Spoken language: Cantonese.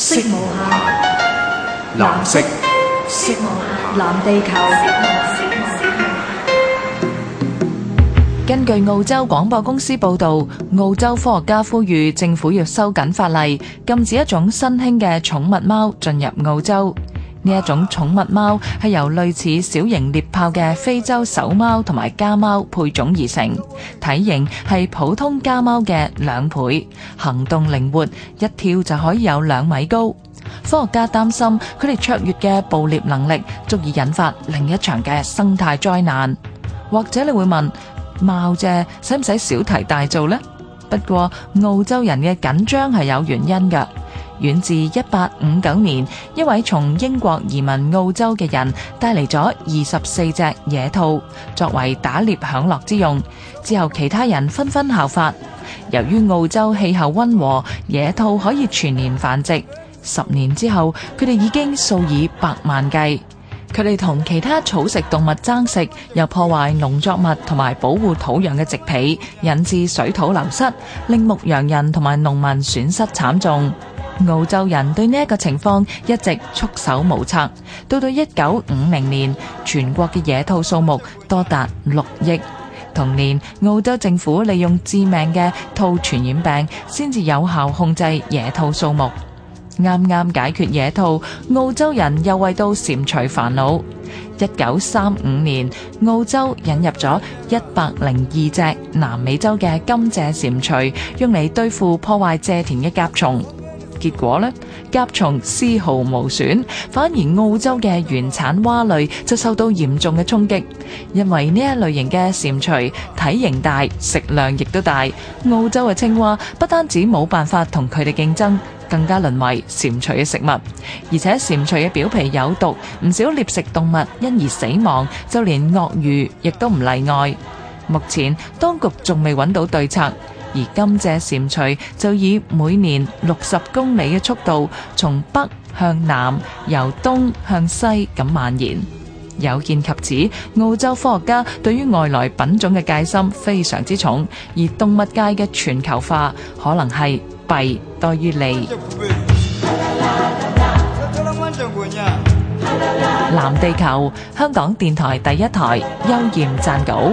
色無限，藍色，色無限，藍地球。根據澳洲廣播公司報導，澳洲科學家呼籲政府要收緊法例，禁止一種新興嘅寵物貓進入澳洲。呢一種寵物貓係由類似小型獵豹嘅非洲藪貓同埋家貓配種而成，體型係普通家貓嘅兩倍，行動靈活，一跳就可以有兩米高。科學家擔心佢哋卓越嘅捕獵能力足以引發另一場嘅生態災難。或者你會問，貓啫，使唔使小題大做呢？不過澳洲人嘅緊張係有原因噶。遠自一八五九年，一位從英國移民澳洲嘅人帶嚟咗二十四隻野兔，作為打獵享樂之用。之後，其他人紛紛效法。由於澳洲氣候溫和，野兔可以全年繁殖。十年之後，佢哋已經數以百萬計。佢哋同其他草食動物爭食，又破壞農作物同埋保護土壤嘅植被，引致水土流失，令牧羊人同埋農民損失慘重。澳洲人對呢一個情況一直束手無策，到到一九五零年，全國嘅野兔數目多達六億。同年，澳洲政府利用致命嘅兔傳染病，先至有效控制野兔數目。啱啱解決野兔，澳洲人又為到蟾蜍煩惱。一九三五年，澳洲引入咗一百零二隻南美洲嘅甘蔗蟾蜍，用嚟對付破壞蔗田嘅甲蟲。結果呢，甲蟲絲毫無損，反而澳洲嘅原產蛙類就受到嚴重嘅衝擊，因為呢一類型嘅蟾蜍體型大，食量亦都大，澳洲嘅青蛙不單止冇辦法同佢哋競爭，更加淪為蟾蜍嘅食物，而且蟾蜍嘅表皮有毒，唔少獵食動物因而死亡，就連鱷魚亦都唔例外。目前當局仲未揾到對策。而甘蔗蟾蜍就以每年六十公里嘅速度，從北向南，由東向西咁蔓延。有見及此，澳洲科學家對於外來品種嘅戒心非常之重，而動物界嘅全球化可能係弊多於利。藍地球，香港電台第一台，邱焱撰稿。